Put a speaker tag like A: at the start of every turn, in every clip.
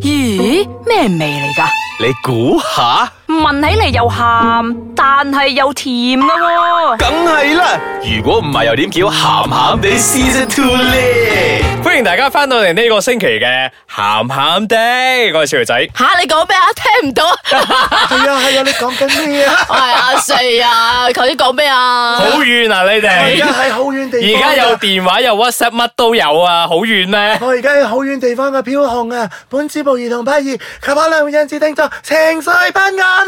A: 咦，咩味嚟噶？
B: 你估下？
A: 聞起嚟又咸，
C: 但係又甜噶喎，梗係啦！
B: 如果唔係又點叫咸咸
C: 地 season two 咧？歡迎大家翻到嚟呢個星期嘅咸咸地，我係小肥仔。吓你講咩啊？聽唔到啊！係啊係啊，你講緊咩啊？
A: 係啊，係啊，頭先講咩啊？好
C: 遠啊，你
B: 哋而家喺好遠地方，而家
A: 有
C: 電話又 WhatsApp 乜都有啊，好遠呢？
B: 我而家喺好遠地方嘅飄紅啊！本節目兒童不宜，求我兩位因此聽錯情緒不安。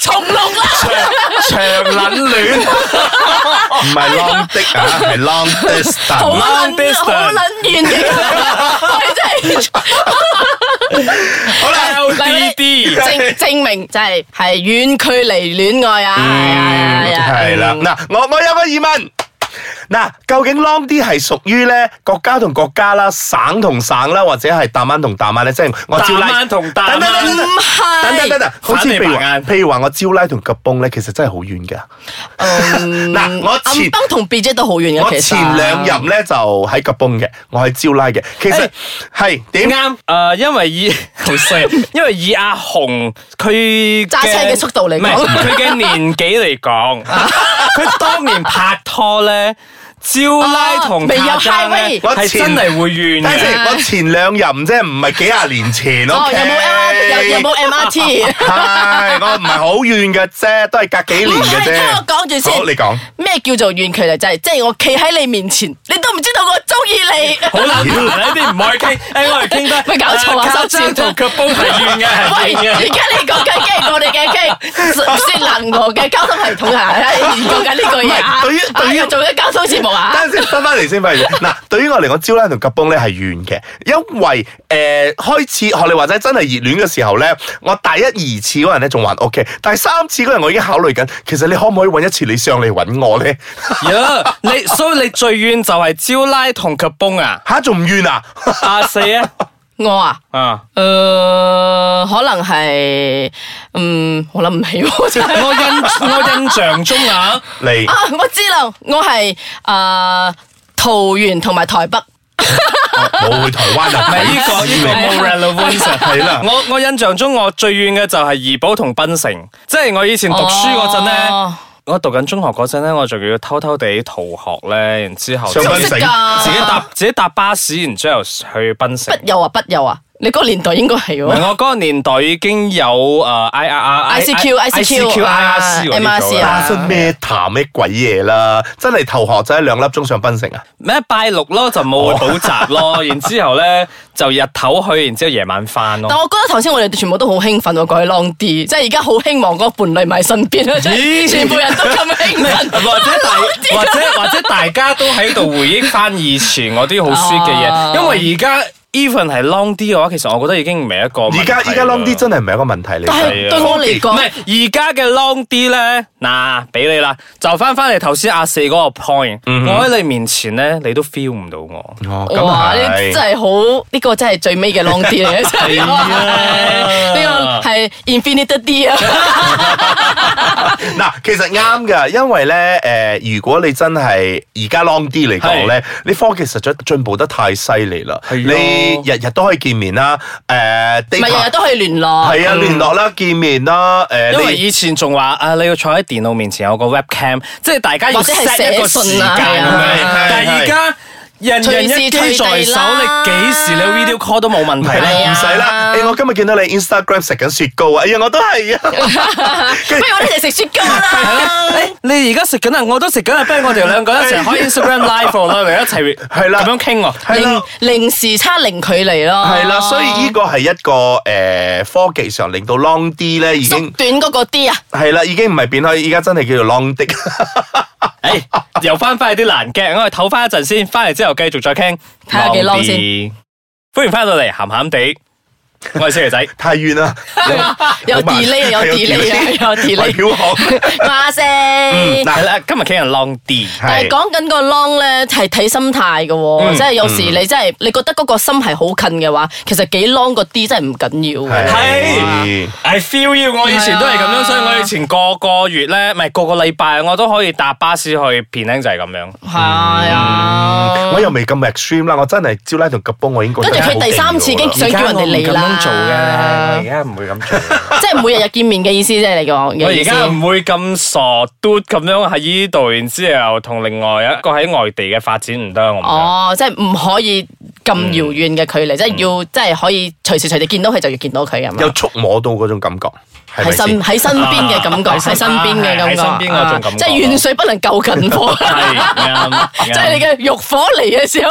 C: 重錄啦，長長
B: 捻戀，唔係 long 的啊，係 long, ger, long, long, long、啊、distance 好捻遠，好啦，L D D，證
A: 明就係係遠距離戀愛啊，係、
B: 嗯啊 okay, um，啦，嗱，我我有個疑問。嗱，究竟 long 啲係屬於咧國家同國家啦，省同省啦，或者係大曼同大曼咧？即係我招拉，等等等等等等，好似譬如譬如話我招拉同吉崩咧，其實真係好遠噶。嗱，我吉
C: 蹦同 b u 都好遠嘅。我前兩任
B: 咧就喺吉崩嘅，我喺招拉嘅。其實係點啱？
C: 誒，因為以好犀利因為以阿紅佢揸車嘅速度嚟講，佢嘅年紀嚟講，佢當年拍拖咧。招拉同太真咧，係真嚟會遠嘅。我
B: 前兩任啫，唔係幾廿年前咯。有冇 M？有
A: 有冇 MRT？係我唔係
B: 好遠嘅啫，都係隔幾年嘅啫。聽我講住先。好，你講
A: 咩叫做遠距離就係即係我企喺你面前，你都唔知道我中意你。好難，呢啲唔可以傾。我
C: 哋傾得。咪搞錯啊！收聲。交通同嘅，喂，而家你講緊基，我哋嘅基，説
A: 難我嘅交通系統啊！而家你講緊呢個嘢。唔係，對於對於做一交通節目。等陣先，
B: 翻翻嚟先，翻嚟。嗱， 對於我嚟講，招拉同及崩咧係怨嘅，因為誒、呃、開始學你話齋，真係熱戀嘅時候咧，我第一二次嗰人咧仲還 OK，但係三次嗰人我已經考慮緊，其實你可唔可以揾一次你上嚟揾我咧？
C: 呀 Yeah, 你所以你最怨就係招拉同及崩啊？吓，仲唔怨啊？阿 死啊，啊，我啊，啊，誒、
A: 呃，可能係。嗯，我諗唔起我。我印 我印象中啊，你啊，我知啦，我係誒、呃、桃園同埋台北。
C: 冇去台灣啊，灣人 美國呢？係啦，我我印象中我最遠嘅就係怡寶同檳城，即係我以前讀書嗰陣咧，我讀緊中學嗰陣咧，我仲要偷偷地逃學咧，然後之後，自己搭自己搭巴士，然之後，後去檳城。不有啊，不有啊。
A: 你嗰個年代應該係喎。我
C: 嗰個年代已經有誒 I R I C Q I、uh, C Q I R C I R C
B: 咩談咩鬼嘢啦、啊？真係投降真係兩粒鐘上檳城啊？
C: 咩、嗯、拜六咯就冇補習咯，哦、 然後之後咧就日頭去，然之後夜晚翻咯。但我
A: 覺得頭先我哋全部都好興奮、啊，我講 long D 即係而家好希望嗰個伴侶埋喺身邊啊！全部人都
C: 咁興奮，或者大，或者或者大家都喺度回憶翻以前我啲好書嘅嘢，因為而家。 even 係 long 啲嘅話，其實我覺得已經唔係一個而家而家 long 啲
B: 真係唔係一個問
C: 題嚟嘅。但係對我嚟講，唔係而家嘅 long 啲咧，嗱，俾你啦，就翻翻嚟頭先阿四嗰個 point，我喺你面前咧，你都 feel 唔到我。哦，哇，真係
A: 好，呢個真係最尾嘅 long 啲嚟嘅，
B: 真
A: 係。呢個係 infinite 啲啊！
B: 嗱，其實啱噶，因為咧，誒，如果你真係而家 long 啲嚟講咧，你科技實在進步得太犀利啦，你。日日都可以見面啦，誒，唔係日日都可以聯絡，係啊聯絡啦，見面
C: 啦，誒，因為以前仲話啊，你要坐喺電腦面前有個 webcam，即係大家要 set 一個時間，但係而家。人人一機在手，你
B: 幾時你 video call 都冇問題啦，唔使啦。誒，我今日見到你 Instagram 食緊雪糕啊，哎呀，我都係啊，不如我
C: 哋食雪糕啦。你你而家食緊啊，我都食緊啊，不如我哋
B: 兩個一齊開 Instagram live 啦，嚟一齊咁樣傾喎，係
A: 啦，零時差、零距離咯。係啦，所以呢
B: 個係一個誒科技上令到 long D 咧已經
A: 短嗰個 D 啊。
B: 係啦，已經唔係變開而家真係叫做 long D。
C: 誒，又翻翻啲爛鏡，我哋唞翻一陣先，翻嚟之後繼續再傾，睇下幾耐先。歡迎翻到嚟，咸咸哋。我係星期仔，太遠啦，有 delay 啊，有 delay 啊，有 delay 啊，有 delay
A: 啊，馬聲。嗱，
C: 今日傾人 long D，但係講
A: 緊個 long 咧係睇心態噶，即係有時你真係你覺得嗰個心係好近嘅話，其實幾 long 個 D 真係唔緊要嘅。
C: 係，I feel you，我以前都係咁樣，所以我以前個個月咧，唔係個個禮拜我都可以搭巴士去平
B: 興，就係咁樣。
A: 係啊，
B: 我又未咁 extreme 啦，我真係朝拉同夾波，我應該跟住佢第三次已經想叫人哋嚟
A: 啦。做嘅，而家唔會咁做。即係每日日見面嘅意思啫，你講。我而家唔
C: 會咁傻嘟咁樣喺依度，然之後同另外一個喺外地嘅發展唔得。
A: 哦，即係唔可以咁遙遠嘅距離，即係要即係可以隨時隨地見到佢就要見到佢啊！有
B: 觸摸到嗰種感覺，喺身喺身邊嘅感覺，喺身邊嘅感覺，喺身邊嗰種感覺，
A: 即係遠水不能夠近火。
C: 係啊，即係你嘅欲火嚟嘅
A: 時候。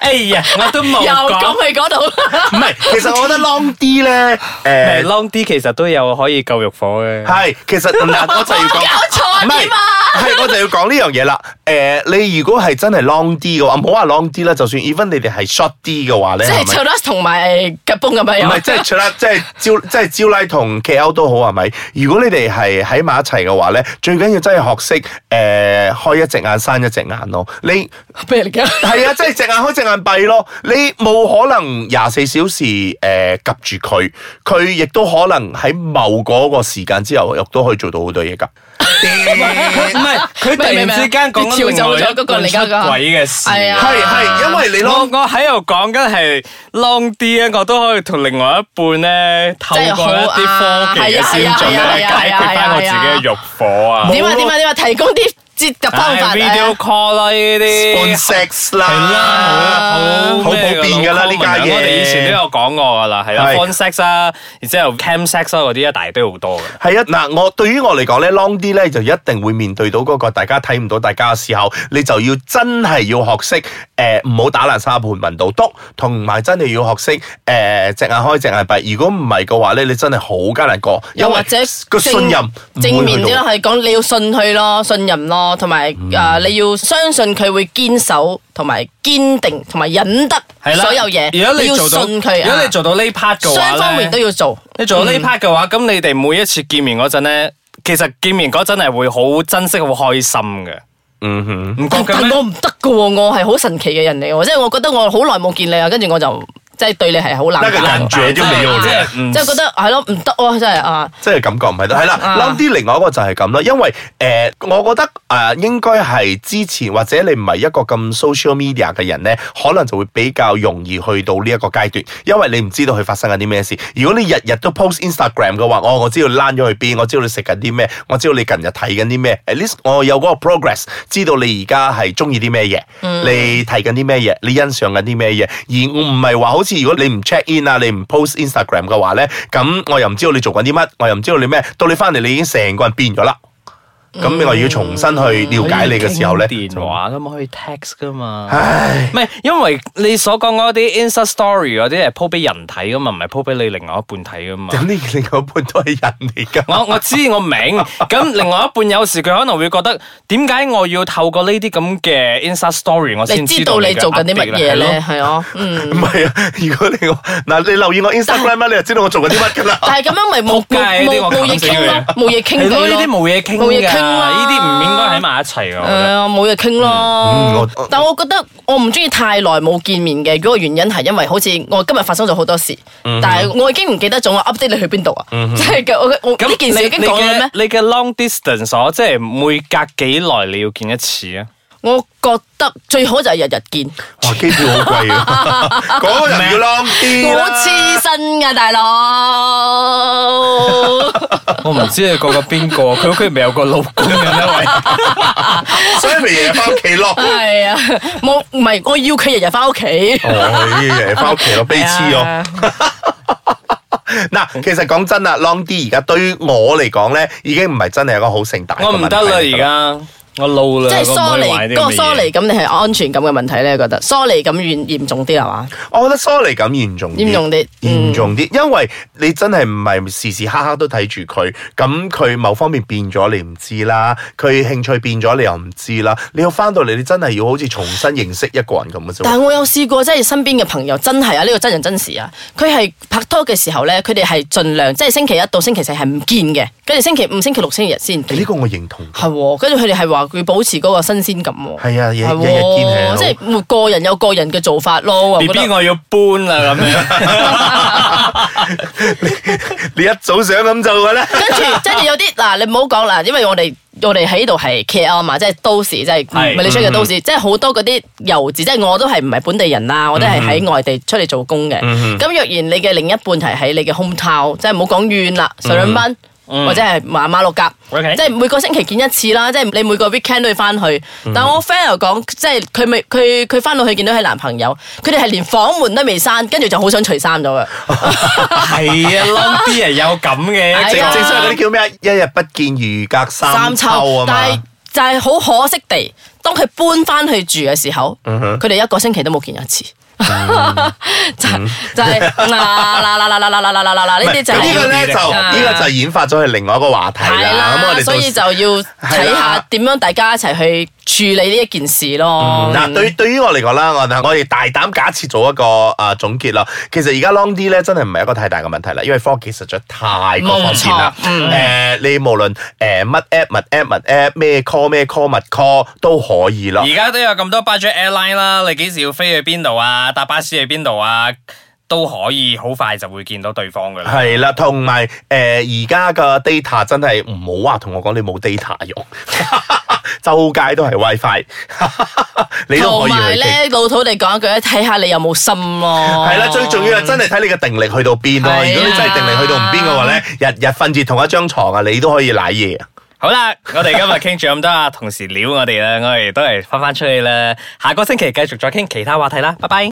A: 哎
C: 呀，我都冇又講
A: 去嗰度。唔係，其實我覺得。
C: long 啲咧，誒、呃、long 啲其實都有可以救
B: 肉火嘅。係，其實嗱我就要
A: 講，唔係 、
B: 啊，係、啊、 我就要講呢樣嘢啦。誒、呃，你如果係真係 long 啲嘅話，唔好話 long 啲啦，就算 even 你哋係 short 啲嘅話咧，即係
A: 同埋腳崩咁樣。唔係，即係即係招，
B: 即、就、係、是、招拉同、就是、KL 都好，係咪？如果你哋係喺埋一齊嘅話咧，最緊要真係學識誒、呃、開一隻眼，閂一隻眼咯。你咩係 啊，即係隻眼開隻眼，隻眼閉咯。你冇可能廿四小時誒？呃及住佢，佢亦都可能喺某個時間之後，亦都可以做到好多嘢噶。突然，唔係佢突然之間講咗另外一個鬼嘅事，係係因為你，我喺度講緊係
C: long 啲咧，我都可以同另外一半咧透過一啲科技嘅先進咧解決翻我自己嘅欲火啊！點解點
A: 解點解！提供啲接觸方法啊！Video
C: call 啦呢啲，phone sex 啦，係啦，好好普遍噶啦呢家嘢，我哋以前都有講過噶啦，係啦，phone sex 啊，然之後 cam sex 啊嗰啲一大堆好多
B: 嘅。係啊，嗱，我對於我嚟講咧 long 啲。就一定會面對到嗰個大家睇唔到大家嘅時候，你就要真係要學識誒，唔好打爛沙盤，問到篤，同埋真係要學識誒，隻眼開隻眼閉。如果唔係嘅話咧，你真係好艱難過。又或者個信任正面啲咯，係
A: 講你要信佢咯，信任咯，同埋啊，你要相信佢會堅守，同埋堅定，同埋忍得所有嘢。你要信佢。如果你做
C: 到呢 part 嘅話咧，雙方面都要做。你做到呢 part 嘅話，咁你哋每一次見面嗰陣咧。其實見面嗰陣係會好珍惜，好開心嘅。嗯
A: 哼，唔覺得嘅咩？我唔得嘅，我係好神奇嘅人嚟，即係我覺得我好耐冇見你啊，跟住我就。即係對你係好冷嘅，即係、啊啊、覺得係咯，唔得喎，
B: 真係啊！即係、啊、感覺唔係得，係啦。諗啲、啊、另外一個就係咁啦，因為誒、呃、我覺得誒、呃、應該係之前或者你唔係一個咁 social media 嘅人咧，可能就會比較容易去到呢一個階段，因為你唔知道佢發生緊啲咩事。如果你日日都 post Instagram 嘅話，我我知道躝咗去邊，我知道你食緊啲咩，我知道你近日睇緊啲咩。At least 我有嗰個 progress，知道你而家係中意啲咩嘢，嗯、gress, 你睇緊啲咩嘢，你欣賞緊啲咩嘢，而我唔係話好似。如果你唔 check in 啊，你唔 post Instagram 嘅話咧，咁我又唔知道你做緊啲乜，我又唔知道你咩，到你返嚟你已經成個人變咗啦。咁你話要重新去了解你嘅時候咧，電話咁可以 text 噶嘛？
C: 唉，唔係，因為你所講嗰啲 Insta story 嗰啲係鋪俾人睇噶嘛，唔係鋪俾你另外一半睇噶嘛。咁你
B: 另外一半都係人嚟
C: 噶。我我知我明，咁另外一半有時佢可能會覺得，點解我要透過呢啲咁嘅 Insta story 我先知道你做緊啲乜嘢咧？係啊，嗯。
B: 唔係啊，如果你嗱你留意我 Instagram 咧，你就知道我做緊啲乜噶啦。
A: 但係咁樣咪冇冇冇嘢傾咯，冇嘢傾咯，呢啲冇嘢傾嘅。呢啲唔應該喺埋一齊嘅。誒，冇嘢傾啦。嗯嗯、但係我覺得我唔中意太耐冇見面嘅。如果原因係因為好似我今日發生咗好多事，嗯、哼但係我已經唔記得咗我 update 你去邊度啊。即係、嗯、哼我我呢件事已經講咗咩的？
C: 嗎你嘅 long distance 即係每隔幾耐你要見一次啊？
A: 我覺得最好就係日日見，哇機票好貴啊，
B: 嗰、啊、 人要
C: long 啲啦。好
A: 黐身噶、啊、大佬，
C: 我唔知你嗰個邊個，佢屋企咪有個老公嘅一位， 所以咪日日
B: 翻
A: 屋企咯。係 啊，我唔係我要佢日日翻屋企，
B: 哦，日日翻屋企咯，悲痴哦。嗱，其實講真啊，long 啲而家對於我嚟講咧，已經唔係真係一個好盛大嘅問題。我唔得啦而家。我撈啦，即係疏離，個疏離，
A: 咁你係安全感嘅問題咧？覺得疏離感嚴嚴重啲係嘛？
B: 我覺得疏離感嚴重。嚴重啲，嚴重啲，因為你真係唔係時時刻刻都睇住佢，咁佢某方面變咗你唔知啦，佢興趣變咗你又唔知啦，你要翻到嚟你真係要好似重新認識一個人咁嘅。但
A: 係我有試過，即係身邊嘅朋友真係啊，呢個真人真事啊，佢係拍拖嘅時候咧，佢哋係盡量即係星期一到星期四係唔見嘅，跟住星期五、星期六、星期日先。呢個我認同。係，跟住佢哋係話。佢保持嗰個新鮮感，
B: 係啊，日日見
A: 起，即係個人有個人嘅做法咯。B B，
B: 我要搬啦咁樣，你你一早想咁做嘅咧。
A: 跟住，跟住有啲嗱，你唔好講啦，因為我哋我哋喺度係 care 嘛，即係都市即係唔係你出嘅都市，即係好多嗰啲遊子，即係我都係唔係本地人啦，我都係喺外地出嚟做工嘅。咁若然你嘅另一半係喺你嘅胸罩，即係唔好講遠啦，上班。或者係馬馬六甲，Okay. 即係每個星期見一次啦。即係你每個 weekend 都要翻去。但係我 friend 又講，即係佢未佢佢翻到去見到佢男朋友，佢哋係連房門都未閂，跟住就好想除衫咗
B: 嘅。係啊，啲人有咁嘅，正正所謂嗰啲叫咩？一日不見如隔三秋，三秋，但係
A: 就係好可惜地，當佢搬翻去住嘅時候，佢哋 一個星期都冇見一次。嗯、 就
B: 係、就係嗱嗱嗱嗱嗱嗱嗱嗱嗱嗱，呢啲就係呢個咧，就呢個就演發咗去另外一個話題啦。咁我哋所以
A: 就要睇下點啦樣大家一齊去處理呢一件事咯。嗱、嗯，對
B: 對於我嚟講啦，我我哋大膽假設做一個誒、呃、總結啦。其實而家 long D 咧，真係唔係一個太大嘅問題啦，因為科技實在太過方便啦。誒、嗯嗯呃，你無論誒乜 app、乜 app、乜 app，咩 call、咩 call、乜 call 都可以啦。而家
C: 都有咁多 budget airline 啦，你幾時要飛去邊度啊？搭巴士去邊度啊？都可以好快就會見到對方㗎啦。係
B: 啦，同埋誒而、呃、家嘅 data 真係唔好話、啊、同我講你冇 data 用。 周街都係 WiFi， 你都可以去傾。同埋咧，
A: 老土地講一句咧，睇下你有冇心咯、啊。係啦， 最
B: 重要係真係睇你嘅定力去到邊咯、啊。啊、如果你真係定力去到唔邊嘅話咧，日日瞓住同一張床啊，你都可以賴嘢。
C: 好啦，我哋今日傾住咁多啊，同時撩我哋啦，我哋都係翻翻出去啦。下個星期繼續再傾其他話題啦，拜拜。